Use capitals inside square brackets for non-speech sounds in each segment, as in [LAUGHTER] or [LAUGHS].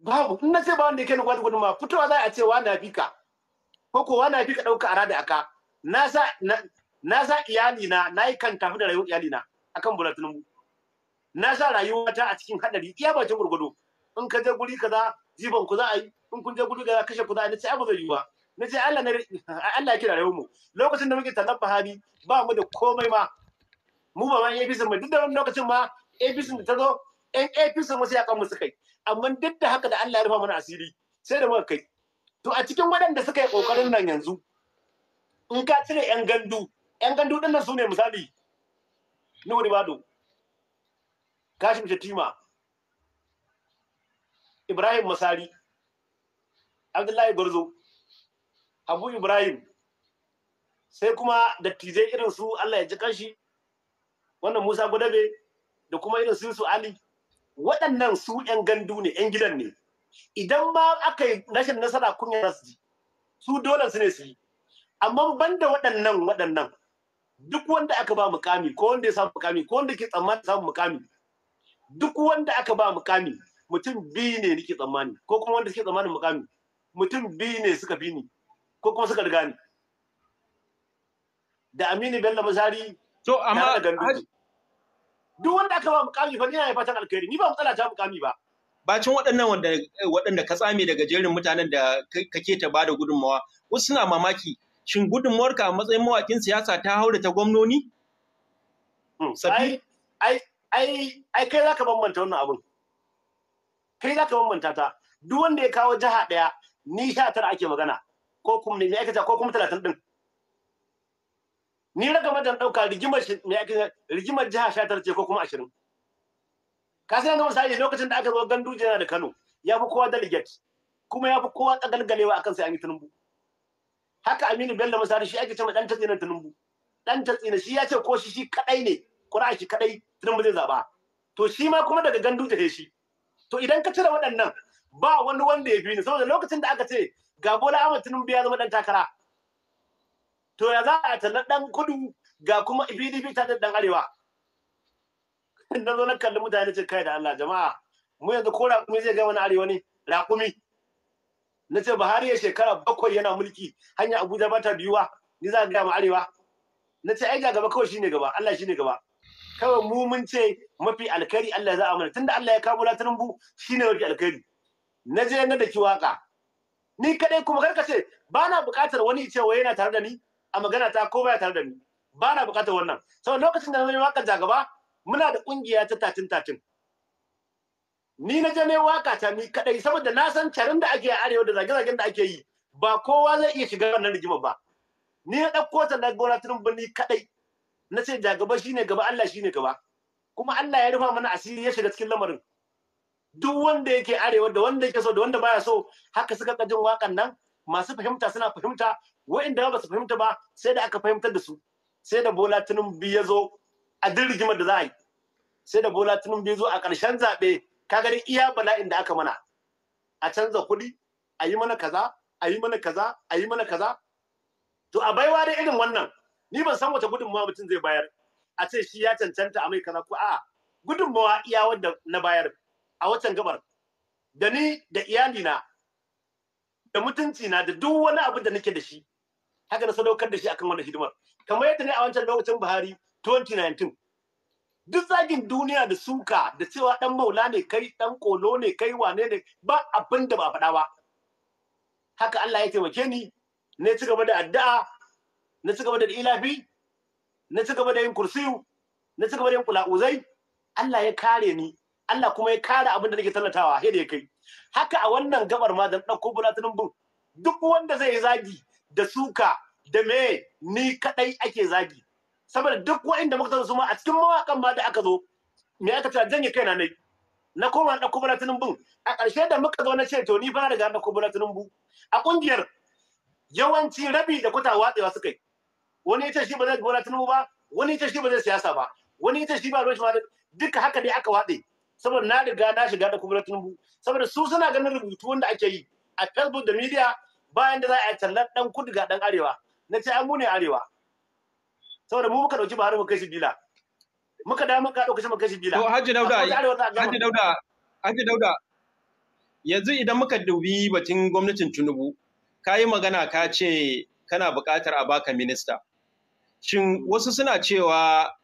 babu in na ce ba wanda yake ni gwada gudunmawa fitowa za a ce wa na bika ko ko wa na bika ɗauka ara da aka na sa na sa iyalina na yi kan tafi da rayuwar iyalina akan Bola mu na sa rayuwata a cikin hadari iya bacin gurgudu in ka je guri kaza jiban ku za a yi in kun je guri kaza kashe ku za a yi na ce abu zai yi ba na ce Allah na [LAUGHS] Allah ya kira rayuwar mu lokacin da muke tallafa hali ba mu da komai ma mu ba ma APC mu duk da wani lokacin ma APC ta zo ɗan APC mu sai a kan mu suka yi amma duk da haka da Allah ya rufa mana asiri sai da muka kai to a cikin waɗanda suka yi kokarin nan yanzu in ka cire yan gandu yan gandu din nan su ne misali Nuhu Ribado Kashim Shatima Ibrahim Masari Abdullahi Gwarzo Habu Ibrahim sai kuma dattijai irin su Allah ya ji kanshi wannan Musa Gudabe da kuma irin su Ali waɗannan su 'yan gandu ne 'yan gidan ne idan ma aka yi rashin nasara kunya su ji su dole su ne su yi amma da waɗannan waɗannan duk wanda aka ba mukami ko wanda ya samu mukami ko wanda ke tsammani samu mukami duk wanda aka ba mukami mutum biyu ne nake tsammani ko kuma wanda suke tsammanin mukami mutum biyu ne suka bi ni ko kuma suka riga ni da Aminu Bello Masari to amma duk wanda aka ba mukami fa ni na fatan alkhairi ni ba matsala ta mukami ba bacin waɗannan wanda waɗanda ka tsame daga jerin mutanen da kake ta bada gudunmawa wasu suna mamaki shin ka a matsayin mawakin siyasa ta haura ta gwamnoni hmm, ai ai ai kai zaka bambanta wannan abun kai zaka bambanta ta duk wanda ya kawo jaha daya ni sha tara ake magana ko kuma me aikata ko kuma talatin din ni na game da ɗauka rigimar me ake rigimar jiha sha tara ce ko kuma ashirin ka san ga misali lokacin da aka zo ganduje yana da kano ya fi kowa delegate kuma ya fi kowa tsagalgalewa akan sai an yi tinubu haka aminu bello misali shi ake cewa dan na tinubu dan na shi ya ce ko shi shi kadai ne ƙura shi kadai tinubu zai zaba to shi ma kuma daga ganduje shi to idan ka cire waɗannan ba wani wanda ya fi ni saboda lokacin da aka ce ga bola ahmad tinubu ya zama dan takara to ya za a ta na ɗan kudu ga kuma pdp ta ɗan arewa [LAUGHS] na zo na kalli mutane ce kai da allah jama'a mu yanzu ko raƙumi zai gama na arewa ne raƙumi na ce buhari ya shekara bakwai yana mulki hanya abuja ba ta biyuwa ni za a gaya arewa na ce ai gaba kawai shine gaba allah shine gaba kawai mu mun ce mafi alkari allah za a mana tunda allah ya kawo latirin bu shine mafi alkari na je na daki waka ni kadai kuma kar ka ce ba na buƙatar wani cewa yana tare da ni a magana ta ko baya tare da ni ba na bukatar wannan so lokacin da na zama waka jagaba muna da kungiya ta tatin tatin ni na je ne waka ta ni kadai saboda na san carin da ake a arewa da zage-zagen da ake yi ba kowa zai iya shiga wannan rigima ba ni na ɗauko ta na gona tunan ni kadai na ce jagaba shine gaba Allah shine gaba kuma Allah ya rufa mana asiri ya shiga cikin lamarin duk wanda yake arewa da wanda yake so da wanda baya so haka suka kajin wakan nan masu fahimta suna fahimta wa'inda ba su fahimta ba sai da aka fahimtar da su sai da bola tinubu ya zo a duk rigimar da za a yi sai da bola tinubu ya zo a ƙarshen zaɓe kaga dai iya bala'in da aka mana a canza kuɗi a yi mana kaza a yi mana kaza a yi mana kaza to a baiwa dai irin wannan ni ban san wace gudunmawa mutum zai bayar a ce shi ya cancanta a mai kaza ko a'a gudunmawa iya wanda na bayar a wacan gabar da ni da iyalina da mutunci na da duk wani abu da nake da shi haka na sadaukar da shi akan wannan hidimar kamar yadda ne a wancan lokacin Buhari 2019 duk zagin duniya da suka da cewa dan maula ne kai dan kolo ne kai wane ne ba abin da ba faɗa ba haka Allah ya taimake ni na ci gaba da addu'a na ci gaba da ilafi na ci gaba da yin kursiyu na ci gaba da yin kula'uzai Allah ya kare ni Allah kuma ya kara abin da nake tallatawa he da ya kai haka a wannan gabar ma da ɗauko Bola bu duk wanda zai zagi da suka da me ni kadai ake zagi saboda duk wanda muka su ma a cikin mawakan ma da aka zo me aka ce janye kaina nai na koma na ɗauko Bola bu a ƙarshe da muka zo na ce to ni fa riga na ɗauko Bola bu a ƙungiyar yawanci rabi da kuta watsewa suka yi wani ita shi ba zai Bola bu ba wani ita shi ba zai siyasa ba wani ita shi ba zai shi ma duka haka dai aka watse saboda na riga na shiga da kuma tunubu. saboda su suna ganin rubutu wanda ake yi a facebook da media bayan da za a yi tallar dan kudu ga dan arewa na ce an mu ne arewa saboda mu muka dauki bahari mu kai shi bila muka da muka dauki shi mu kai shi bila to haji dauda haji dauda Haji dauda yanzu idan muka dubi batun gwamnatin tunubu kayi magana ka ce kana buƙatar a baka minista shin wasu suna cewa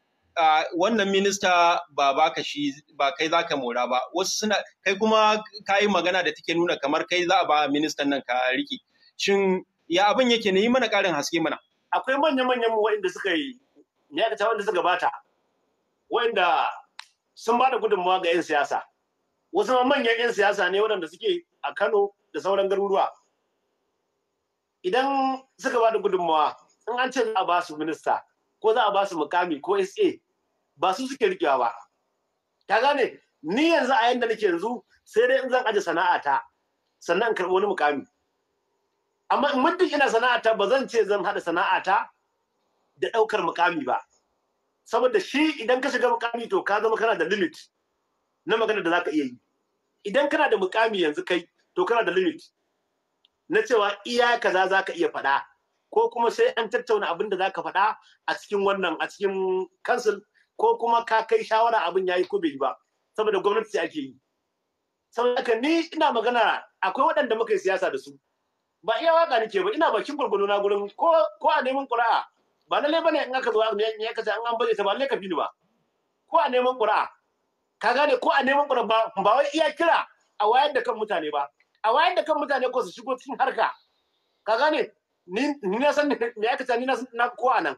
wannan minista ba baka shi ba kai za ka mora ba wasu suna kai kuma ka yi magana da take nuna kamar kai za a ba ministan nan ka riki shin ya abin yake ne yi mana karin haske mana akwai manya-manyan mu waɗanda suka yi ta wanda suka bata waɗanda sun ba da gudunmawa ga 'yan siyasa wasu manyan 'yan siyasa ne waɗanda suke a kano da sauran garuruwa idan suka ba da gudunmawa in an ce za a ba su minista ko za a ba su mukami ko sa ba su suke rikewa ba ta gane ni yanzu a yadda nake yanzu sai dai in zan aje sana'ata sannan in karɓi wani mukami amma in muddin ina sana'ata ba zan ce zan haɗa sana'a ta da ɗaukar mukami ba saboda shi idan ka shiga mukami to ka zama kana da limit na magana da za ka iya yi idan kana da mukami yanzu kai to kana da limit na cewa iya kaza za ka iya faɗa ko kuma sai an tattauna abin da ka faɗa a cikin wannan a cikin kansil ko kuma ka kai shawara abin yayi ko bai ba saboda gwamnati ce ake yi saboda ka ni ina magana akwai waɗanda muka yi siyasa da su ba iya waka nake ba ina bakin gurgudu na gurin ko ko a neman ƙura'a ba lalle bane in aka zo ne ya kace an an baje ta ba lalle ka fini ba ko a neman ƙura'a ka gane ko a neman ƙura'a ba ba wai iya kira a wayar da kan mutane ba a wayar da kan mutane ko su shigo cikin harka ka gane ni na san me aka ce ni na san na ko anan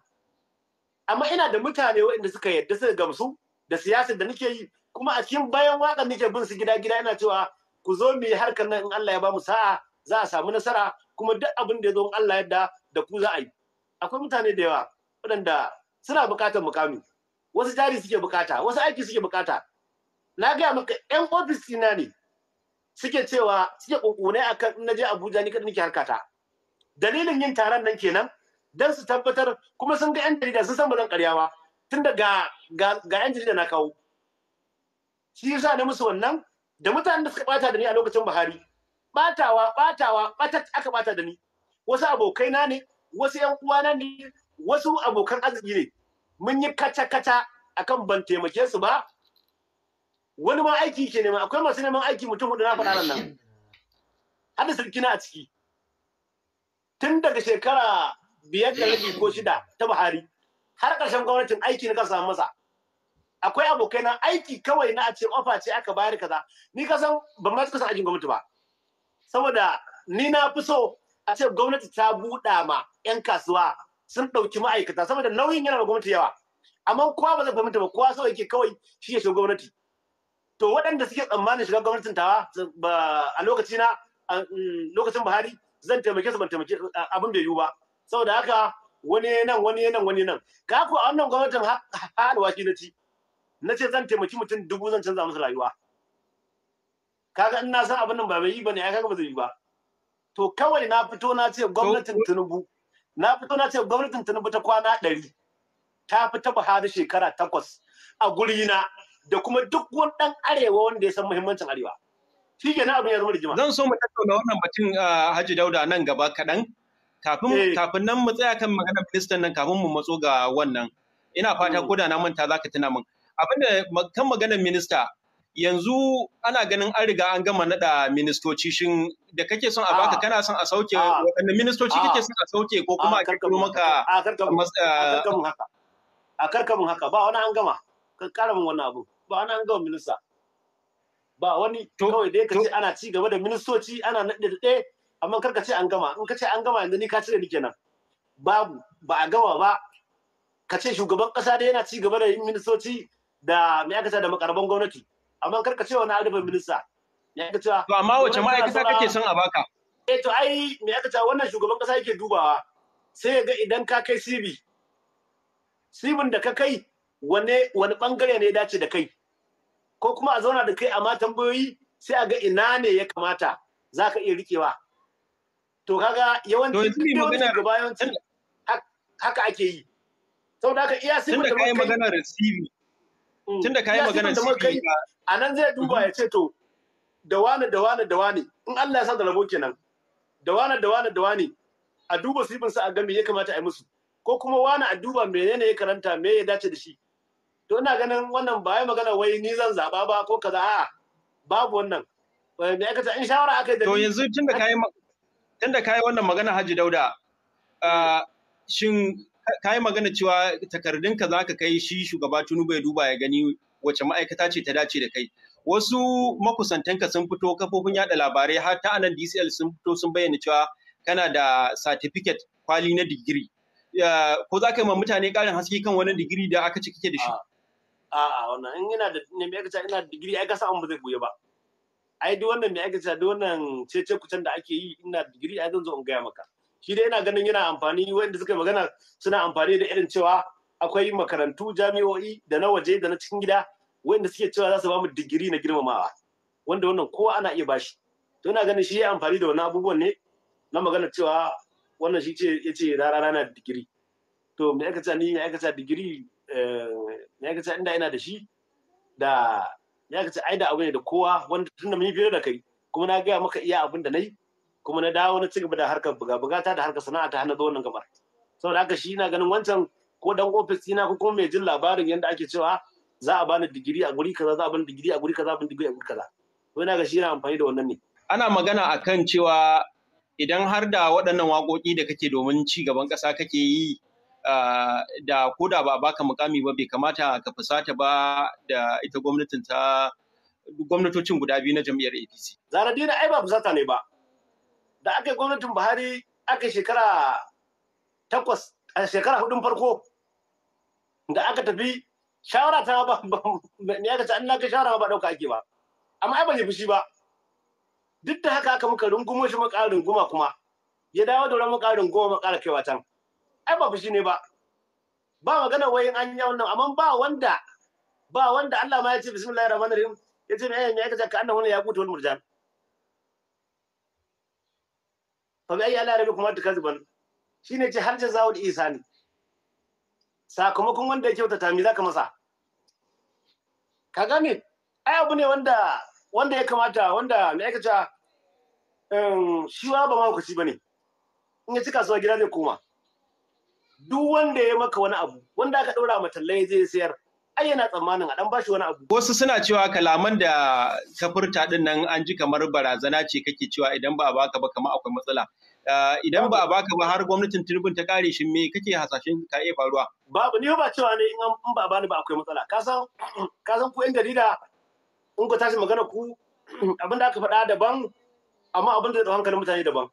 amma ina da mutane waɗanda suka yadda suka gamsu da siyasar da nake yi kuma a cikin bayan waƙar nake bin su gida gida ina cewa ku zo mu yi harkar nan in Allah ya bamu sa'a za a samu nasara kuma duk abin da ya zo in Allah yadda da ku za a yi akwai mutane da yawa waɗanda suna buƙatar mukami wasu jari suke buƙata wasu aiki suke bukata na gaya maka yan ofis ina ne suke cewa suke kunkunai akan in naje Abuja ni kada nake harkata dalilin yin taron nan kenan don su tabbatar kuma sun ga 'yan jarida sun san ba zan karyawa tun da ga 'yan jarida na kawo shi yasa na musu wannan da mutanen da suka bata da ni a lokacin Buhari batawa batawa bata aka bata da ni wasu abokai na ne wasu yan uwana ne wasu abokan arziki ne mun yi kaca kaca akan ban taimake su ba wani ma aiki ke nema akwai masu neman aiki mutum hudu na faɗa nan har da na a ciki tun daga shekara biyar da rabi ko shida ta Buhari har ƙarshen gwamnatin aiki na ka samu masa akwai abokai na aiki kawai na a ce ofa ce aka bayar kaza ni ka san ban ma san aikin gwamnati ba saboda ni na fi so a ce gwamnati ta buɗa ma 'yan kasuwa sun ɗauki ma'aikata saboda nauyin yana da gwamnati yawa amma kowa ba zai fahimta ba kowa sau yake kawai shi ya shiga gwamnati to waɗanda suke tsammanin shiga gwamnatin tawa a lokacina na mm, lokacin Buhari zan taimake su ban taimake abin bai yiwu ba saboda haka wani nan wani nan wani nan ka ku a wannan gwamnatin haɗuwa shi na ci na ce zan taimaki mutum dubu zan canza musu rayuwa kaga ina san abin nan ba mai yi bane ai kaga ba zai yi ba to kawai na fito na ce gwamnatin Tinubu na fito na ce gwamnatin Tinubu ta kwana ɗari ta fi ta Buhari shekara takwas a guri na da kuma duk wani ɗan arewa wanda ya san muhimmancin arewa shi ke na abin ya zama rigima zan so mu tattauna wannan batun ah, Hajji Dauda nan gaba kaɗan Eh. kafin nan mu tsaya kan maganar ministan nan kafin mu matso ga wannan ina fata mm. ko da na manta zaka tuna min abinda kan maganar minista yanzu ana ganin an riga an gama nada ministoci shin da kake son a baka ah. kana son a sauke ah. waɗanne ministoci kake ah. son a sauke ko kuma a karkamu maka a karkamu haka a karkamin haka ba wani an gama ka kara min wannan abu ba wani an gama minista ba wani kawai dai ka ce ana ci gaba da ministoci ana nade da ɗaya amma kar ka ce an gama in ka ce an gama yanzu ni ka cire ni kenan babu ba a gama ba ka ce shugaban kasa da yana ci gaba da yin ministoci da mai aka da makarban gwamnati amma kar ka ce wani arifin minista Ya aka ce to amma wace ma'aikata kake son a baka eh to ai mai aka ce wannan shugaban kasa yake dubawa sai ya ga idan ka kai CV sibin da ka kai wane wani bangare ne ya dace da kai ko kuma a zauna da kai amma tambayoyi sai a ga ina ne ya kamata za ka iya rikewa to kaga yawanci da bayanci haka ake yi saboda haka iya sifin da kai magana receiving tun da kayi magana CV a nan zai duba mm-hmm. ya ce to da wani da wani da wani in Allah ya sa da rabo kenan da wani da wani da wani a duba sifin sa a ga ya kamata a yi musu ko kuma wani a duba menene ya karanta me ya dace da shi to ina ganin wannan ba ya magana wai ni zan zaba ba ko kaza a'a babu wannan me ta, in shawara aka yi da to yanzu tun da kayi tunda kai wannan magana Haji Dauda shin kai magana cewa takardun ka zaka kai shi shugaba tunu bai duba ya gani wace ma'aikata ce ta dace da kai wasu makusantanka sun fito kafofin yada labarai har ta anan DCL sun fito sun bayyana cewa kana da certificate kwali na digiri ko za yi ma mutane ƙarin haske kan wani digiri da aka ci kike da shi a'a wannan in ina da ne me ina da digiri ai ka san ba zai goye ba ai duk wannan me ake cewa duk wannan cece kucen da ake yi ina digiri ai zan zo in gaya maka shi dai yana ganin yana amfani wanda suka magana suna amfani da irin cewa akwai makarantu jami'o'i da na waje da na cikin gida wanda suke cewa za su ba mu digiri na girmamawa wanda wannan kowa ana iya bashi to ina ganin shi ya amfani da wani abubuwan ne na magana cewa wannan shi ce yace ce rara rana digiri to me aka ni me aka digiri eh, me aka inda ina da shi da ya aka ce ai da abu ne da kowa wanda tun da mun yi da kai kuma na gaya maka iya abin da na yi kuma na dawo na cigaba da harkar buga-buga ta da harkar sana'a ta hana zo wannan gabar saboda haka shi na ganin wancan ko dan ofis ina ko kuma mai jin labarin yadda ake cewa za a bani digiri a guri kaza za a bani digiri a guri kaza a bani digiri a guri kaza to ina ga shi yana amfani da wannan ne ana magana akan cewa idan har da waɗannan waƙoƙi da kake domin ci gaban ƙasa kake yi da ko da ba baka mukami ba bai kamata ka fusata ba da ita gwamnatin ta gwamnatocin guda biyu na jam'iyyar APC. Zara dina ai ba fusata ne ba. Da aka yi gwamnatin Buhari aka shekara takwas a shekara hudun farko da aka tafi shawara ta ba ne aka ce an naka shawara ba dauka ake ba. Amma ai ban yi fushi ba. Duk da haka aka muka rungumo shi muka runguma kuma. Ya dawo da wani muka runguma makarar kaiwa can. ai ba fushi ne ba ba magana wayin an yi wannan amma ba wanda ba wanda Allah ma ya ce bismillahir rahmanir rahim ya ce mai ya kace ka annahu ya qutul murjan fa bi ayi ala rabbi kuma tukazban shine ce har jazaa'ul ihsani sakamakon wanda ya wata tami zaka masa ka gane ai abu ne wanda wanda ya kamata wanda mai aikata um, shi ba ma kuci bane in ya cika su a gida zai koma duk wanda ya maka wani abu wanda aka ɗora matallai zai sayar ai yana tsammanin a dan bashi wani abu. Wasu suna cewa kalaman da ka furta din nan an ji kamar barazana ce kake cewa idan ba a baka ba kamar akwai matsala. Eh, idan ba a baka ba har gwamnatin tribun ta kare shi me kake hasashen ka iya faruwa? Babu ni ba cewa ne in ba a bani ba akwai matsala. Ka san ka san ku yan jarida in ku tashi magana ku abin da aka faɗa daban amma abin da ta hankalin mutane daban.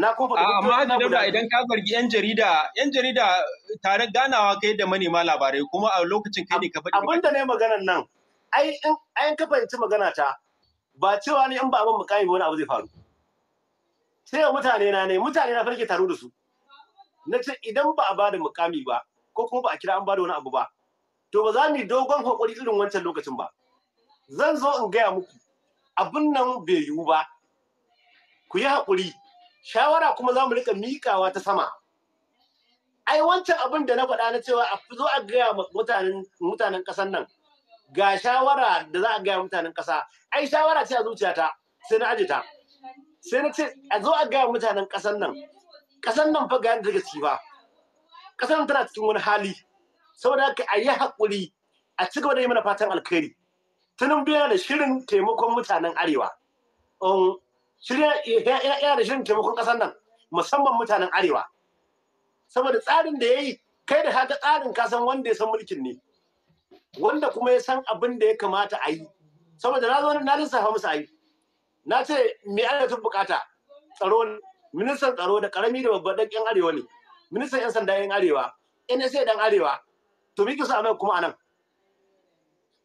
na kuma na amma da idan ka zargi yan jarida yan jarida tare ganawa kai da manema labarai kuma a lokacin kai ne ka faɗi abin da ne maganar nan ai in ai ka fahimci magana ta ba cewa ne in ba abin mukami ba wani abu zai faru sai mutane na ne mutane na farke taro da su na ce idan ba a bada mukami ba ko kuma ba a kira an bada wani abu ba to ba za mu dogon hakuri irin wancan lokacin ba zan zo in gaya muku abin nan bai yiwu ba ku yi hakuri shawara kuma za mu rika miƙawa ta sama ai wancan abin da na faɗa na cewa a zo a gaya mutanen mutanen ƙasar nan ga shawara da za a gaya mutanen ƙasa ai shawara ce a zuciyata sai na ajita. sai na ce a zo a gaya mutanen ƙasar nan ƙasar nan fa ga daga take ciki ba ƙasar nan tana cikin wani hali saboda haka a yi haƙuri a ci gaba da yi mana fatan alkhairi tunan biya da shirin taimakon mutanen arewa um, shirya yana da shirin taimakon ƙasar nan musamman mutanen arewa saboda tsarin da ya yi kai da haka tsarin ka san wanda ya san mulkin ne wanda kuma ya san abin da ya kamata a yi saboda na zo na lissafa musu a yi na ce me ana tun bukata tsaro ministan tsaro da karami da babban yan arewa ne ministan yan sanda yan arewa nsa dan arewa to miki su anan kuma anan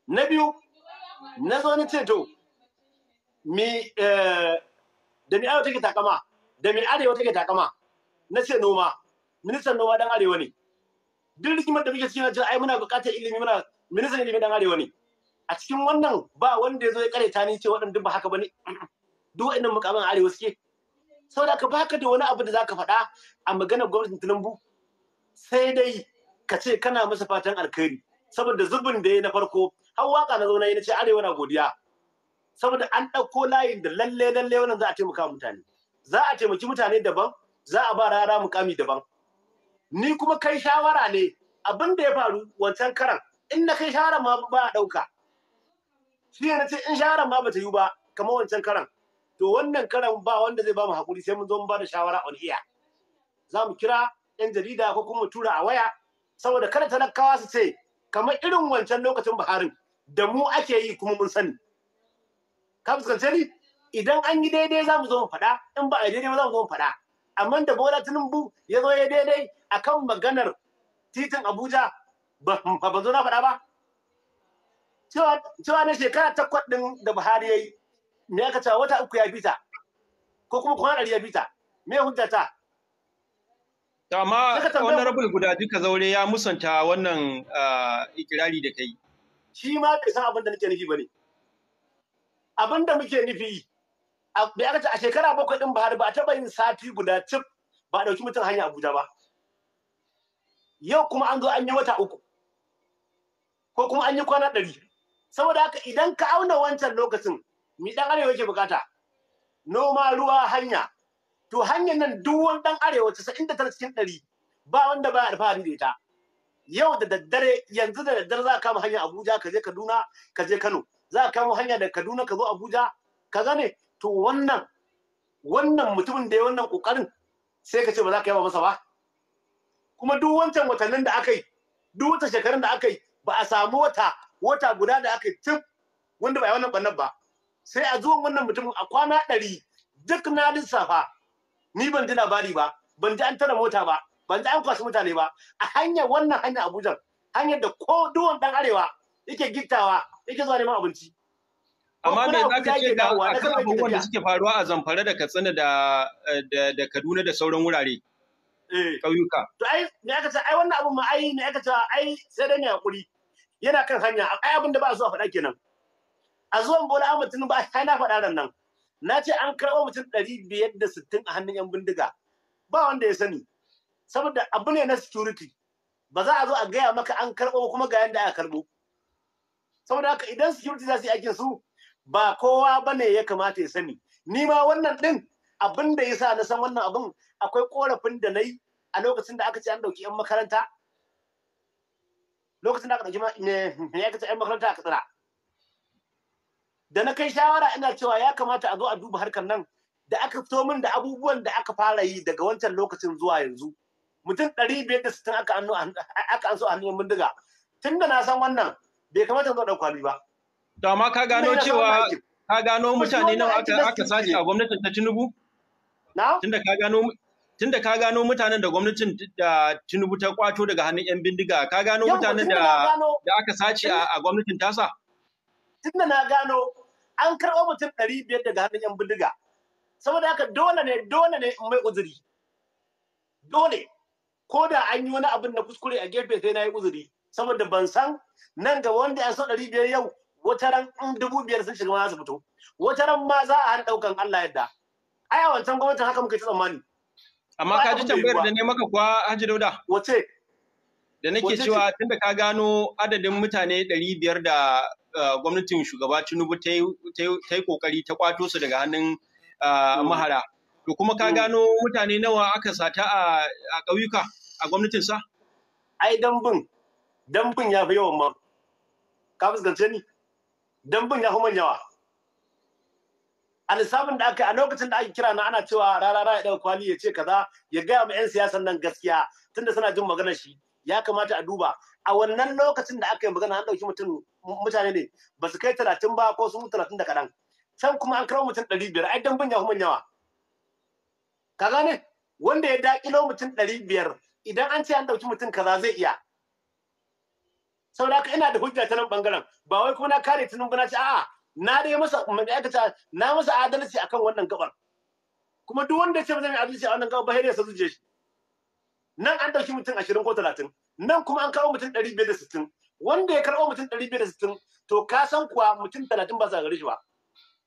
na biyu na zo na ce to mi da mai arewa take takama da mai arewa take takama na ce noma ministan noma dan arewa ne duk rikimar da muke cikin ai muna buƙatar ilimi muna ministan ilimi dan arewa ne a cikin wannan ba wanda ya zo ya ta ni ce waɗanda ba haka bane [CLEARS THROAT] duk waɗannan mukamin arewa suke saboda ka haka da wani abu da zaka faɗa a maganar gwamnatin Tinubu sai dai ka ce kana masa fatan alkhairi saboda zubin da ya na farko har waka na zo na yi na ce arewa na godiya saboda an ɗauko layin da lalle lalle wannan za a taimaka mutane za a taimaki mutane daban za a ba rara mukami daban ni kuma kai shawara ne abin da ya faru wancan karan in na kai shawara ma ba a ɗauka shi ne ce in shawara ma ba ta yi ba kamar wancan karan to wannan karan ba wanda zai ba mu hakuri sai mun zo mu ba da shawara on iya za mu kira yan jarida ko kuma tura a waya saboda kada talakawa su ce kamar irin wancan lokacin Buharin da mu ake yi kuma mun sani ka fuskance idan an yi daidai za mu zo mu faɗa in ba a daidai ba za mu zo mu faɗa amma da bola tinubu ya zo ya daidai akan maganar titin abuja ba ba zo na faɗa ba cewa na shekara ta ɗin da buhari ya yi me aka cewa wata uku ya bita ko kuma kwana ɗari ya bita me hujjata amma honorable guda duka zaure ya musanta wannan ah, ikirari da kai shi ma bai san abin da nake nufi ba ne abin da muke nufi bai aka ce a shekara bakwai din bahar ba a taɓa yin sati guda cif ba a ɗauki mutum hanya Abuja ba. Yau kuma an zo an yi wata uku ko kuma an yi kwana ɗari. Saboda haka idan ka auna wancan lokacin mi ɗan arewa yake bukata noma ruwa hanya to hanyar nan duk wani ɗan arewa casa'in da tara cikin ɗari ba wanda ba alfahari da ita. Yau da daddare yanzu da daddare za ka kama hanya Abuja ka je Kaduna ka je Kano. za ka kamo hanya da Kaduna ka zo Abuja ka ne to wannan wannan mutumin da ya wannan kokarin sai ka ce ba za ka yaba masa ba kuma duk wancan watannin da aka yi duk wata shekarun da aka yi ba a samu wata wata guda da aka yi tun wanda ba a wannan bannan ba sai a zuwan wannan mutumin a kwana ɗari duk na lissafa ni ban ji labari ba ban ji an tara mota ba ban ji an kwasu mutane ba a hanyar wannan hanyar abuja hanyar da ko duwan dan arewa yake gittawa yake zuwa neman abinci amma me za ka ce da akan abubuwan da suke faruwa a zamfara da katsina da eh, da kaduna da sauran wurare eh. ƙauyuka to ai me aka ce ai wannan abun ma ai me aka ce ai sai dai ne hakuri yana kan hanya ai abin da ba a faɗa kenan a zuwan bola tun ba kai na faɗa ran nan na ce an karɓo mutum ɗari biyar da sittin a hannun yan bindiga ba wanda ya sani saboda abu ne na security ba za a zo a gaya maka an karɓo kuma ga yadda aka karɓo saboda haka idan security za su yi aikin su ba kowa bane ya kamata ya sani ni ma wannan din abin da yasa na san wannan abin akwai korafin da nayi a lokacin da aka ce an dauki yan makaranta lokacin da aka dauki ya kace yan makaranta a tsara da na kai shawara ina cewa ya kamata a zo a duba harkar nan da aka fito min da abubuwan da aka fara yi daga wancan lokacin zuwa yanzu mutum ɗari aka an so a hannun bindiga tun da na san wannan bai kamata mu ɗan ba to amma ka gano cewa ka gano mutane nawa aka aka sace a gwamnatin ta Tinubu na tunda ka gano tunda ka gano mutanen da gwamnatin da Tinubu ta kwato daga hannun yan bindiga ka gano mutanen da da aka sace a gwamnatin tasa tunda na gano an karɓo mutum ɗari biyar daga hannun yan bindiga saboda haka dole ne dole ne in mai uzuri dole ko da an yi wani abin na kuskure a gefe sai na yi uzuri saboda ban san nan ga wanda ya so ɗari biyar yau wata ran in dubu biyar sun shiga ma za fito wata ran ma za a hana ɗaukan Allah yadda ai a wancan gwamnatin haka muka ci tsammani amma ka ji tambayar da ne maka kuwa Haji Dauda wace da nake cewa tunda ka gano adadin mutane ɗari biyar da eh, gwamnatin shugaba Tinubu ta yi kokari ta kwato su daga hannun eh, mm. mahara to kuma ka mm. gano mutane nawa aka sata a ƙauyuka a gwamnatin sa ai bin dambun ya fi yawan man ka fuskance ni dambun ya fi man yawa. a lissafin da aka a lokacin da ake kira na ana cewa rara, ra ya ɗauka kwali ya ce kaza ya gaya ma 'yan siyasan nan gaskiya tunda suna jin maganar shi ya kamata a duba a wannan lokacin da aka yi magana an ɗauki mutum mutane ne ba su kai talatin ba ko sun talatin da kaɗan can kuma an kawo mutum ɗari biyar ai dambun ya fi man yawa. ka gane wanda ya daƙilo mutum ɗari biyar idan an ce an ɗauki mutum kaza zai iya saboda haka ina da hujja ta nan bangaren ba wai kuma na kare tinubu na ce a'a na dai masa ma'aikata na masa adalci akan wannan gabar kuma duk wanda ya ce ba zai adalci a wannan gabar ba har ya sa zuciya shi nan an dauki mutum ashirin ko talatin nan kuma an kawo mutum ɗari biyar da sittin wanda ya karɓo mutum ɗari biyar da sittin to ka san kuwa mutum talatin ba sa gare shi ba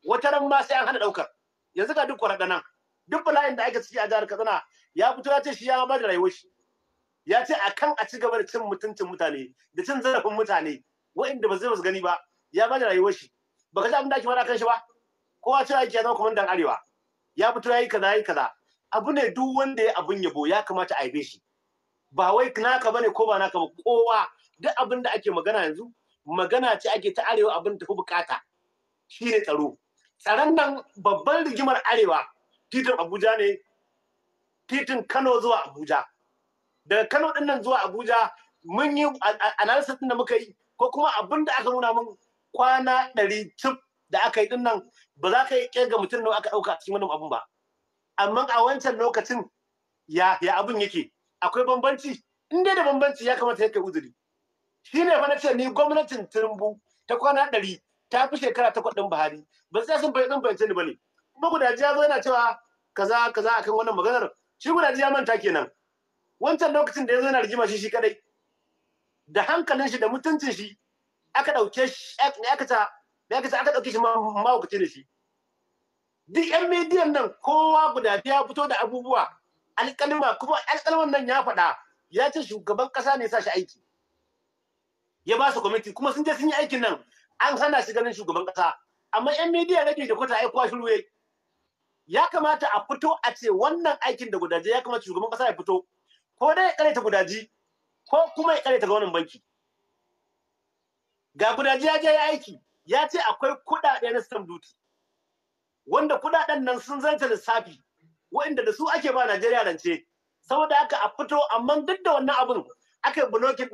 wata ran ma sai an hana ɗaukar yanzu ga duk kwaraɗa nan duk bala'in da aka ciki a jihar katsina ya fito ya ce shi ya ba da rayuwar shi ya ce akan a ci gaba da cin mutuncin mutane da cin zarafin mutane wa'inda ba zai wasu gani ba ya ba da rayuwar shi ka ji abin da ake faɗa kan shi ba kowa cewa yake zama kwamandan arewa ya fito ya yi kaza ya kaza abu ne duk wanda ya abin yabo ya kamata a yabe shi ba wai naka bane ko ba naka ba kowa duk abin da ake magana yanzu magana ce ake ta arewa abin tafi bukata shine tsaro tsaron nan babban rigimar arewa titin abuja ne titin kano zuwa abuja daga Kano din nan zuwa Abuja mun yi analysis din da muka yi ko kuma abin da aka nuna mun kwana ɗari tuf da aka yi din nan ba za ka yi ƙirga mutum da aka ɗauka cikin wannan abun ba amma a wancan lokacin ya ya abun yake akwai bambanci in dai da bambanci ya kamata ya kai uzuri shi ne fa na ce ni gwamnatin Tinubu ta kwana ɗari ta fi shekara takwas ɗin Buhari ba sai sun fahimci fahimci ni bane kuma gudaji ya zo yana cewa kaza kaza akan wannan maganar shi gudaji ya manta kenan wancan lokacin da ya zo yana rigima shi shi kadai da hankalin shi da mutuncin shi aka dauke shi aka ta aka ta aka dauke shi mahaukaci da shi duk yan mediyan nan kowa guda ya fito da abubuwa alƙalima kuma alƙalman nan ya faɗa ya ce shugaban ƙasa ne sa shi aiki ya ba su kwamiti kuma sun je sun yi aikin nan an hana shi ganin shugaban ƙasa amma yan midiyan rage da kwata aikuwa shirwe ya kamata a fito a ce wannan aikin da gudaje ya kamata shugaban ƙasa ya fito ko dai ya ta gudaji ko kuma ya karaita gwamnan banki ga gudaji ya je ya aiki ya ce akwai kuɗaɗe na stamp duty wanda kuɗaɗen nan sun zanta lissafi waɗanda da su ake ba Najeriya rance saboda haka a fito amma duk da wannan abin aka yi blocking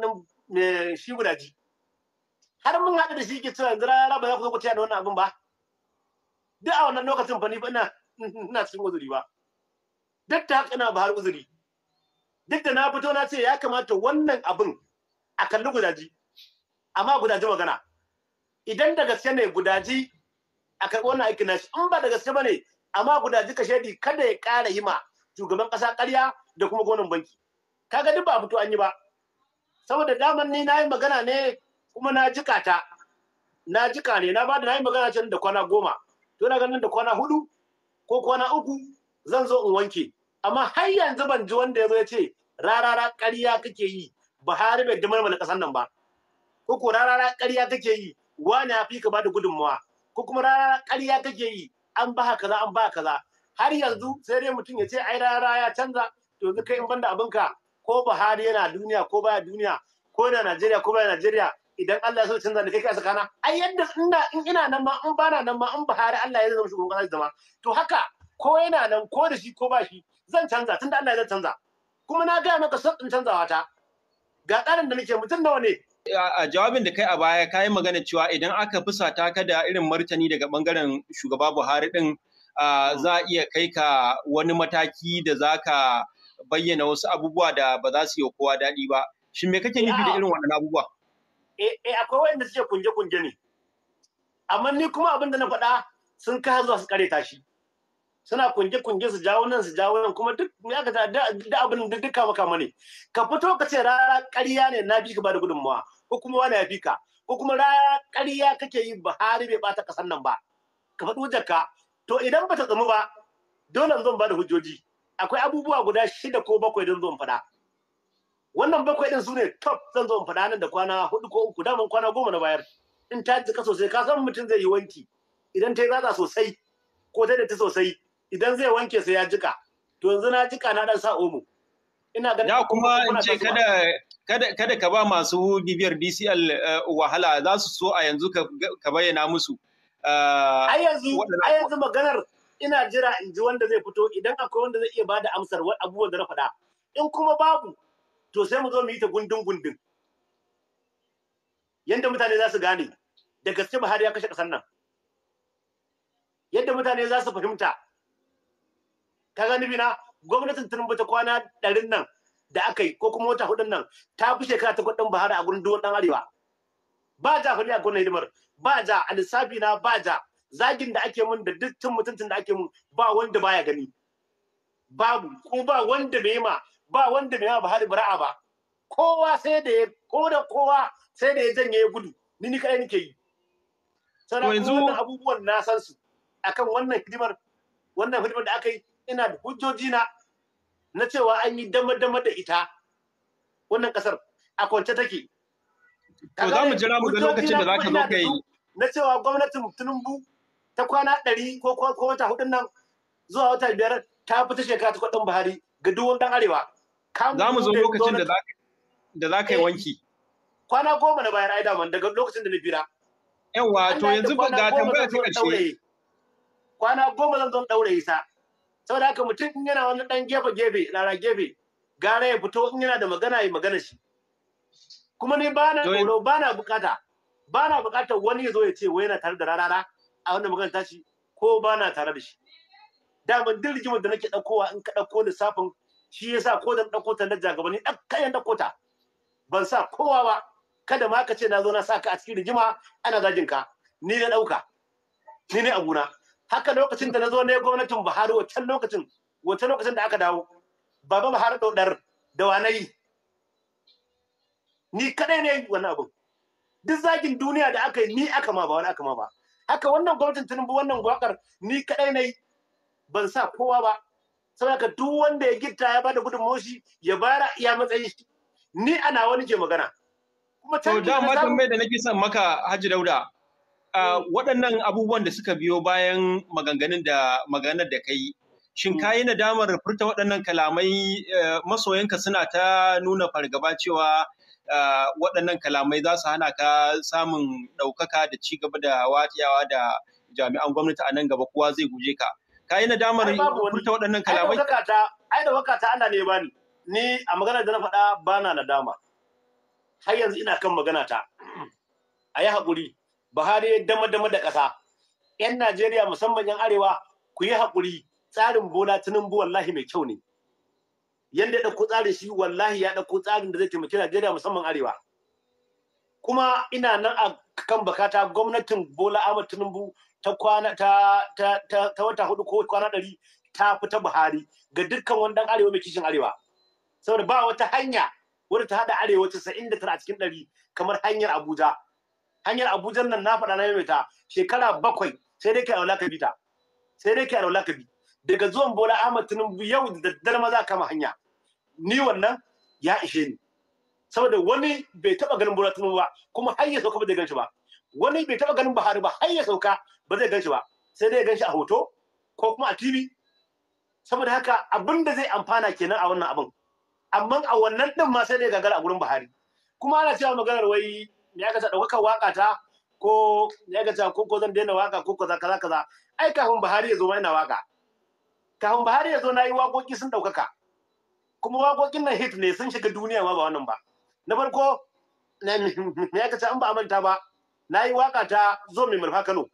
din eh, shi gudaji har mun haɗu da shi ke cewa yanzu rana ba za ku zo ku da wannan abin ba duk a wannan lokacin fa ni ba ina [LAUGHS] ina cikin uzuri ba duk da haka ina ba har uzuri duk da na fito na ce ya kamata wannan abin a kalli gudaji amma gudaji magana idan da gaske ne gudaji a karɓi wannan aikin nashi in ba da gaske ba ne amma gudaji ka shaidi kada ya ƙara yi ma shugaban ƙasa ƙarya da kuma gonan banki kaga duk ba fito an yi ba saboda daman ni na yi magana ne kuma na jika ta na jika ne na ba da na yi magana can da kwana goma to na ganin da kwana hudu ko kwana uku zan zo in wanke amma har yanzu ban ji wanda ya zo ya ce rarara ƙarya kake yi Buhari bai damarmala ƙasar nan ba ko ko rarara ƙarya kake yi wani ya fi ka ba da gudunmawa ko kuma rarara ƙarya kake yi an ba kaza an ba kaza har yanzu sai dai mutum ya ce ai rarara ya canza to yanzu kai in banda abinka ko Buhari yana duniya ko baya duniya ko na Najeriya ko baya Najeriya idan Allah ya so canza ne kai kai sakana ai yadda ina ina nan ma in bana nan ma in Buhari Allah ya zama shugaban kasa ma to haka ko yana nan ko da shi ko ba shi zan canza tunda Allah zan canza kuma na gaya maka son in canzawa ta ga tsarin da nake mutum nawa ne a jawabin da kai a baya kayi magana cewa idan aka fusata ka da irin martani daga bangaren shugaba Buhari din za a iya kai ka wani mataki da za ka bayyana wasu abubuwa da ba za su yi kowa daɗi ba shin me kake nufi da irin wannan abubuwa eh, eh akwai wanda suke kunje kunje ne amma ni kuma abin da na faɗa sun ka zuwa su kare tashi suna kunge kunge su jawo nan su jawo nan kuma duk ya ka da abin da duka maka mani ka fito ka ce rara ƙarya ne na bi ka ba da gudunmawa ko kuma wani ya ko kuma rara ƙarya kake yi Buhari bai bata kasan nan ba ka faɗo jaka to idan bata tsamu ba dole zan ba da hujjoji akwai abubuwa guda shida ko bakwai don zan faɗa wannan bakwai din su ne top zan zo in faɗa nan da kwana hudu ko uku daman kwana goma na bayar in ta jika sosai ka san mutum zai yi wanki idan ta yi zaza sosai ko ta da ta sosai idan zai wanke sai ya jika to yanzu na jika na dan sa omo ina ganin ya kuma in ce kada kada kada ka ba masu bibiyar DCL eh, wahala za su so a yanzu ka bayyana musu eh, a yanzu a yanzu maganar ina jira in ji wanda zai fito idan akwai wanda zai iya bada amsar abubuwan da na faɗa in kuma babu to sai mu zo mu yi ta gundun gundun yadda mutane za su gane da gaske Buhari ya kashe ƙasar nan yadda mutane za su fahimta ka gani bina gwamnatin tinubu ta kwana ɗarin nan da aka yi ko kuma wata hudun nan ta fi shekara ta kudin bahara a gurin duwan ɗan arewa ba ja huli a gurin hidimar ba ja a lissafi na ba ja zagin da ake mun da duk tun mutuntun da ake mun ba wanda baya gani babu ko ba wanda bai ma ba wanda bai ma bahari bara'a ba kowa sai da ya ko da kowa sai da ya janye ya gudu ni ni kai nake yi sannan abubuwan na san su akan wannan hidimar wannan hidimar da aka yi ina da hujjoji na na cewa an yi dama-dama da ita wannan kasar a kwance take. To za mu jira mu ga lokacin da za ka zo ka yi. Na cewa gwamnatin Tinubu ta kwana ɗari ko wata hudun nan zuwa wata biyar ta fita shekara ta kwadon Buhari ga duwan ɗan Arewa. Za mu zo lokacin da za ka yi eh. wanki. Kwana goma na bayan aida man daga lokacin da na bira. Yawwa to yanzu ba ga tambaya ta ƙarshe. Kwana goma zan zo ɗaure isa. saboda haka mutum in yana wani dan gefe gefe rara gefe gara ya fito in yana da magana ya magana shi kuma ni bana tsoro bana bukata bana bukatar wani ya zo ya ce wai yana tare da rarara a wannan magana ta shi ko bana tare da shi da mun duk rigimar da nake daukowa in ka ɗauko lissafin shi yasa ko da dauko ta na jagabani ɗan kayan dauko ta ban sa kowa ba kada ma ka ce na zo na saka a cikin rigima ana zagin ka ni na ɗauka ni ne abuna haka lokacin da na zo ne gwamnatin Buhari wancan lokacin wancan lokacin da aka dawo baba Buhari dar da wani, ni kadai ne wannan abu duk zagin duniya da aka yi ni aka ma ba wani aka ma ba haka wannan gwamnatin Tinubu wannan gwakar ni kadai ne ban sa kowa ba saboda duk wanda ya gitta ya bada gudun moshi ya bara iya matsayin shi ni ana wani ke magana kuma to dama tambayar da nake son maka Haji Dauda waɗannan abubuwan da suka biyo bayan maganganun da maganar da kai shin ka yi mm. nadamar furta waɗannan kalamai eh, masoyanka suna ta nuna fargaba cewa eh, waɗannan kalamai za su hana ka samun ɗaukaka da ci gaba da watiyawa da jami'an gwamnati a nan gaba kowa zai guje ka ka yi nadamar furta waɗannan kalamai ai da ta Allah ne bani ni a magana da na faɗa ba na nadama har yanzu ina kan magana ta a yi haƙuri Buhari ya dama dama da ƙasa. 'Yan Najeriya musamman 'yan Arewa ku yi haƙuri tsarin Bola Tinubu wallahi mai kyau ne. Yanda ya ɗauko tsarin shi wallahi ya ɗauko tsarin da zai taimaki Najeriya musamman Arewa. Kuma ina nan a kan bakata gwamnatin Bola Ahmad Tinubu ta kwana ta ta ta, ta wata hudu ko kwana ɗari ta fita Buhari ga dukkan wani ɗan Arewa mai kishin Arewa. Saboda ba wata hanya wadda ta haɗa Arewa ta sa'in da tara a cikin ɗari kamar hanyar Abuja hanyar Abuja nan na faɗa na yawaita shekara bakwai sai dai kai aula ka bi ta sai dai kai aula ka bi daga zuwan Bola Ahmad Tinubu yau da daddare maza ka kama hanya ni wannan ya ishe ni saboda wani bai taba ganin Bola Tinubu ba kuma har ya sauka ba zai ganshi ba wani bai taba ganin Buhari ba har ya sauka ba zai ganshi ba sai dai ganshi a hoto ko kuma a TV saboda haka abin da zai amfana kenan a wannan abin amma a wannan din ma sai dai gagara a gurin Buhari kuma ana cewa maganar wai ya gaza ɗaukakar waka ta ko ya gaza ko ko zan daina waka ko kaza kaza kaza ai kafin Buhari ya zo ma na waka kafin Buhari ya zo na yi waƙoƙi sun ɗaukaka kuma waƙoƙin nan hit ne sun shiga duniya ma ba wannan ba na farko ya gaza an ba manta ba na yi waka ta zo mai murfa Kano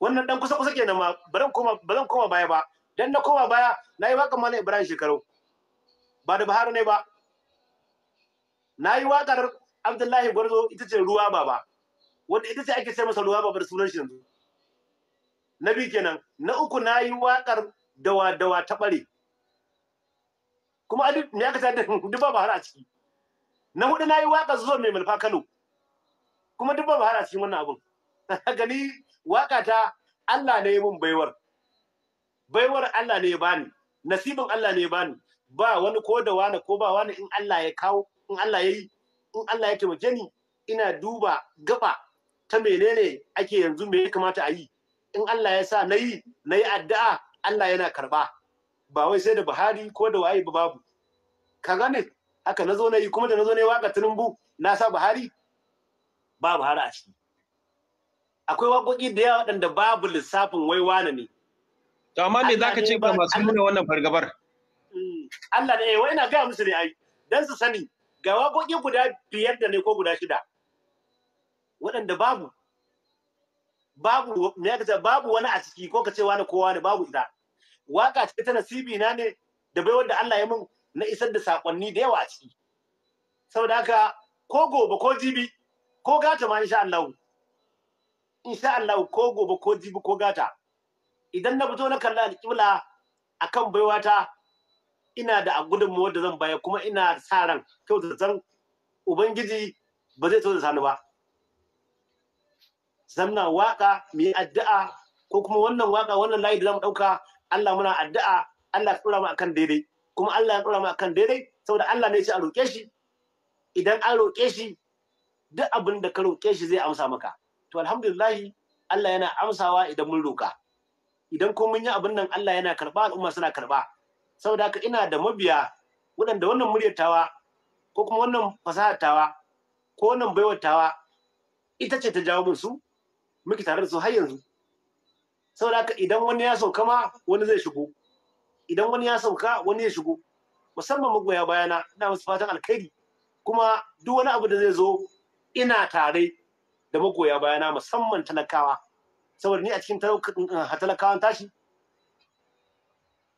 wannan dan kusa kusa kenan ma ba koma bazan koma baya ba dan na koma baya na yi waka mana Ibrahim shekaru ba da Buhari ne ba na yi waƙar Abdullahi Gwarzo ita ce ruwa baba wanda ita ce ake ce masa ruwa baba da sunan shi yanzu na biyu kenan na uku na yi waƙar dawa dawa ta ɓare kuma me aka sa [LAUGHS] da duk babu har a ciki na hudu na yi waƙar zuwa mai malfa Kano kuma duk babu har a cikin wannan abun [LAUGHS] gani waƙa ta Allah ne ya mun baiwar baiwar Allah ne ya bani nasibin Allah ne ya bani ba wani ko da wani ko ba wani in Allah ya kawo in Allah ya yi in Allah ya taimake ni ina duba gaba ta menene ake yanzu me ya kamata a yi in Allah ya sa na yi na yi addu'a Allah yana karba ba wai sai da Buhari ko da waye ba babu ka gane haka nazo na yi kuma da nazo na yi waka Tinubu na sa Buhari ba Buhari a ciki akwai waƙoƙi da yawa waɗanda babu lissafin wai wane ne to amma me zaka ce ba masu nuna wannan fargabar mm. Allah ne eh wai ina ga musu ne ai dan su sani ga waƙoƙi guda biyar da ne ko guda shida waɗanda babu babu me aka ce babu wani a ciki ko ka ce wani kowa ne babu ita waka ce ta nasibi na ne da bai wanda Allah ya mun na isar da sakonni da yawa a ciki saboda haka ko gobe ko jibi ko gata ma insha Allah insha Allah ko gobe ko jibi ko gata idan na fito na kalla alƙibla akan baiwata ina da gudunmawar da zan baya kuma ina sa ran kyautatan ubangiji ba zai so sani ba zamna waka mu yi addu'a ko kuma wannan waka wannan layi da zamu dauka Allah muna addu'a Allah ya mu akan daidai kuma Allah ya tsora mu akan daidai saboda Allah ne ya ce a roƙe shi idan an roƙe shi duk abin da ka roƙe shi zai amsa maka to alhamdulillahi Allah yana amsawa idan mun roƙa idan ko mun yi abin nan Allah yana karɓa al'umma suna karɓa saboda haka ina da mabiya waɗanda wannan muryatawa ko kuma wannan fasahatawa ko wannan baiwatawa ita ce ta jawo min su muke tare da su har yanzu saboda haka idan wani ya sauka ma wani zai shigo idan wani ya sauka wani ya shigo musamman magoya bayana ina musu fatan alkhairi kuma duk wani abu da zai zo ina tare da magoya bayana musamman talakawa saboda ni a cikin talakawan tashi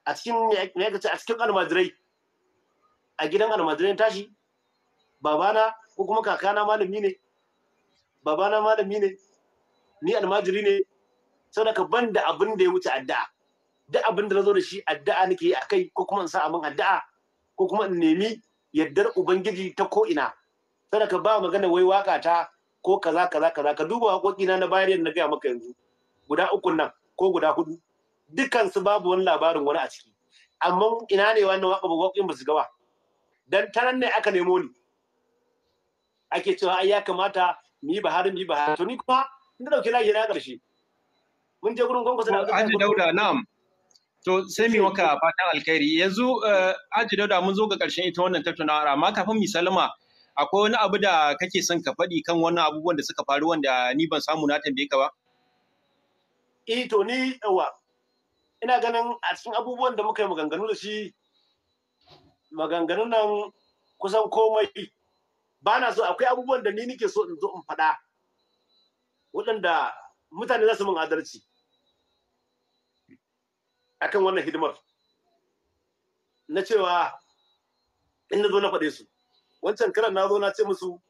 a cikin ya a cikin almajirai a gidan almajirai tashi babana ko kuma kakana malami ne babana malami ne ni almajiri ne ka ban da abin da ya wuce addu'a duk abin da na zo da shi addu'a nake a kai ko kuma in sa abin addu'a ko kuma in nemi yardar ubangiji ta ko ina saboda ka ba magana wai waka ta ko kaza kaza kaza ka duba waƙoƙina na bayar na gaya maka yanzu guda uku nan ko guda hudu dukansu babu wani labarin wani a ciki amma ina ne wannan waka waƙoƙin ba su gawa dan tanan ne aka nemo ni ake cewa ai ya kamata mu yi bahari mu yi bahari to ni kuma in dauke layi na ƙarshe mun je gurin gwamnati na Haji Dauda na'am to sai mi maka fatan alkhairi yanzu eh, Haji Dauda mun zo ga ƙarshen ita wannan tattaunawar amma kafin mu salama akwai wani abu da kake son ka faɗi kan wannan abubuwan da suka faru wanda ni ban samu na tambaye ka ba? Eh to ni yawa ina ganin a cikin abubuwan da muka yi maganganu da shi maganganun nan kusan komai ba na so akwai abubuwan da ni nike so in zo in faɗa waɗanda mutane za su min adalci A kan wannan hidimar na cewa in na zo na faɗe su wancan karan na zo na ce musu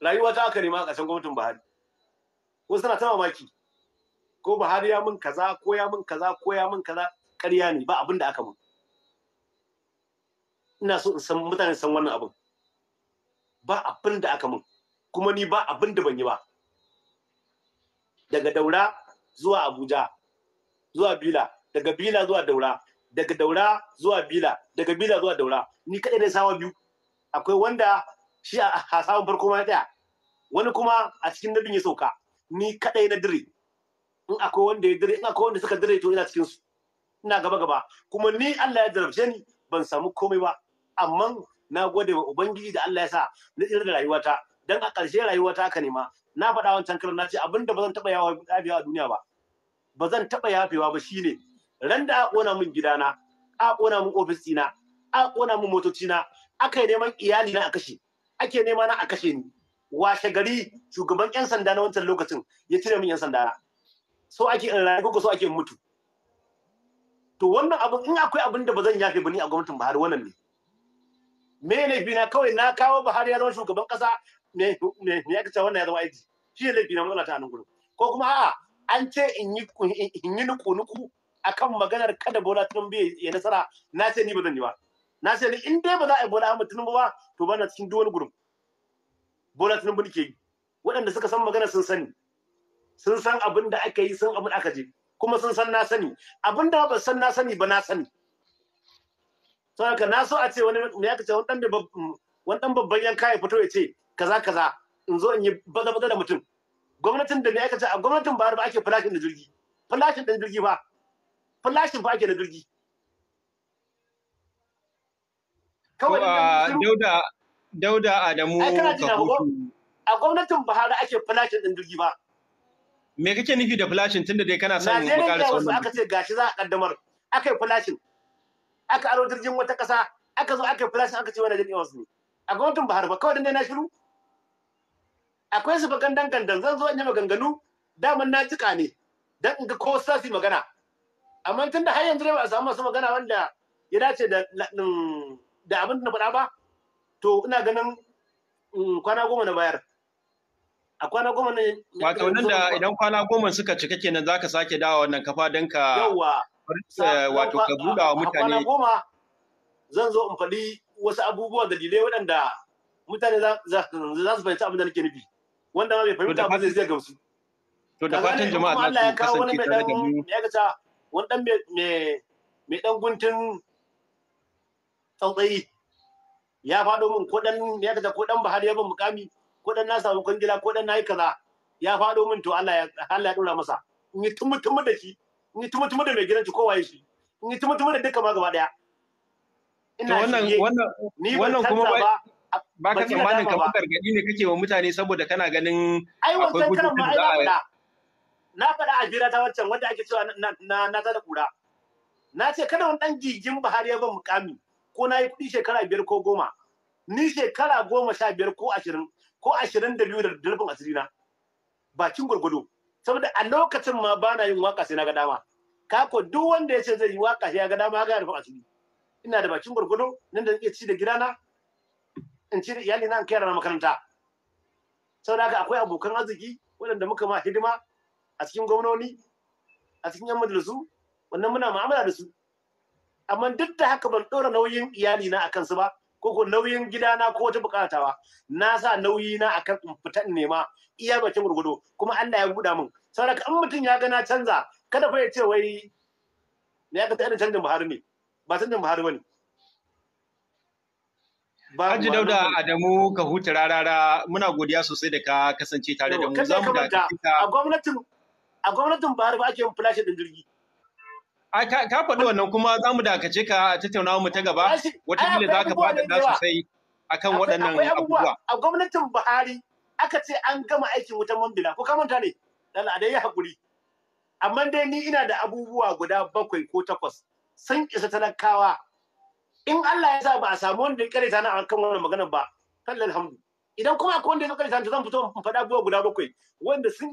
rayuwa ta aka nema a ƙarshen gwamnatin buhari wasu suna ta mamaki ko Buhari ya mun kaza ko ya mun kaza ko ya mun kaza ƙarya ne ba abin da aka mun ina so in san mutane san wannan abin ba abin da aka mun kuma ni ba abin da ban yi ba daga daura zuwa abuja zuwa bila daga bila zuwa daura daga daura zuwa bila daga bila zuwa daura ni kaɗai ne sawa biyu akwai wanda shi a samun farko ma ɗaya wani kuma a cikin na ya sauka ni kaɗai na dire in akwai wanda ya dare in akwai wanda suka dare to ina cikin su ina gaba gaba kuma ni Allah ya jarabce ni ban samu komai ba amma na gode wa ubangiji da Allah ya sa na tsira da rayuwata dan a ƙarshe rayuwata ka nema. na faɗa wancan karon na ce abinda ba zan taɓa yawa a duniya ba ba zan taɓa yafewa ba shine ran da a ƙona min gidana a ƙona min ofis ɗina a na min motocina aka yi neman iyali na a kashe ake nema na a kashe ni washe gari shugaban yan sanda na wancan lokacin ya cire min yan sanda na so ake in rayu ko so ake in mutu to wannan abu in akwai abin da ba zan yafe ba ni a gwamnatin Buhari wannan ne me bi na kawai na kawo Buhari ya zama shugaban kasa me me ya kace wannan ya zama aiki shi ne bi na mun ta nan gurin ko kuma a'a an ce in yi in yi nuku nuku akan maganar kada Bola Tinubu ya nasara na ce ni ba zan yi ba na ce ni in dai ba za a yi Bola Ahmed Tinubu ba to ba na cikin duwani gurin Bola Tinubu ke yi waɗanda suka san maganar sun sani sun san abin da aka yi sun abin aka je kuma sun san na sani abin da ba san na sani ba na sani to haka na so a ce wani me aka ce wani dan babban yanka ya fito ya ce kaza kaza in zo in yi baza baza da mutum gwamnatin da me aka ce a gwamnatin ba ba ake flashin da jirgi flashin da jirgi ba flashin ba ake da jirgi dauda dauda adamu a gwamnatin Buhari ake flashin ɗin jirgi ba me kake nufi da flashing tunda dai kana son mu ƙara sauran aka ce gashi za a kaddamar aka yi flashing aka aro dirjin wata ƙasa aka zo aka yi flashing aka ce wani jirgin wasu ne a gwamnatin Buhari ba kawai dan na shiru akwai su bakan dangandan zan zo in yi maganganu daman na jika ne dan in ga ko sa su magana amma tun da har yanzu dai ba a samu masu magana wanda ya dace da da abin da na faɗa ba to ina ganin mm, kwana goma na bayar a kwana goma ne wato nan da idan kwana goma suka cika kenan zaka sake dawo wannan kafa don ka eh, wato ka buɗa wa mutane kwana goma zan zo in faɗi wasu abubuwan dalilai waɗanda mutane za su fahimci abin da nake nufi wanda ma bai fahimta ba zai gamsu to da fatan jama'a za su kasance tare da mu ya ga wani dan mai dan guntun tsautsayi ya faɗo min ko dan ya ga ko dan Buhari ya ban mukami ko dan na samu kwangila ko dan nayi kaza ya faɗo min to Allah ya Allah ya dora masa in yi tumutumu da shi in yi tumutumu da mai gidan shi kowa shi in yi tumutumu da duka ma gaba daya ina wannan wannan wannan kuma ba ba ka tsammanin kamar gargadi ne kake wa mutane saboda kana ganin akwai gudun da za a na faɗa a jira ta waccan wanda ake cewa na na ta da kura na ce kada wani ɗan gigin Buhari ya ban mukami ko na yi kuɗi shekara biyar ko goma ni shekara goma sha biyar ko ashirin ko ashirin da biyu da dalibin asiri na bakin gwargwado saboda a lokacin ma ba na yin waka sai na ga dama kako duk wanda ya ce zai yi waka sai ya ga dama ga dalibin asiri ina da bakin gwargwado nan da nake ci da gidana in ci da iyali na in kai na makaranta saboda haka akwai abokan arziki waɗanda muka ma hidima a cikin gwamnoni a cikin yan majalisu wannan muna ma'amala da su amma duk da haka ban ɗora nauyin iyali na akan su ba ko ko nauyin gidana ko wata bukatawa na sa nauyi na akan in fita in nema iya bakin gurgudo kuma Allah ya buɗa min saboda in mutum ya ga na canza kada fa ya ce wai ne ya ga ta canjin Buhari ne ba canjin Buhari bane Haji Dauda Adamu ka huta rarara muna godiya sosai da ka kasance tare da mu za mu da a gwamnatin a gwamnatin Buhari ba ake yin flashin din jirgi ka faɗi wannan kuma za mu dakace ka a tattaunawa mu ta gaba wata watakila za ka da sosai akan waɗannan abubuwa. A gwamnatin Buhari aka ce an gama aikin wutan mambila ko ka manta ne a dai ya hakuri. Amma dai ni ina da abubuwa guda bakwai ko takwas sun isa talakawa in Allah ya sa ba a samu wanda ya karanta na akan wannan maganar ba Kallal hamdu idan kuma akwai wanda ya karanta zan fito in faɗa guda bakwai wanda sun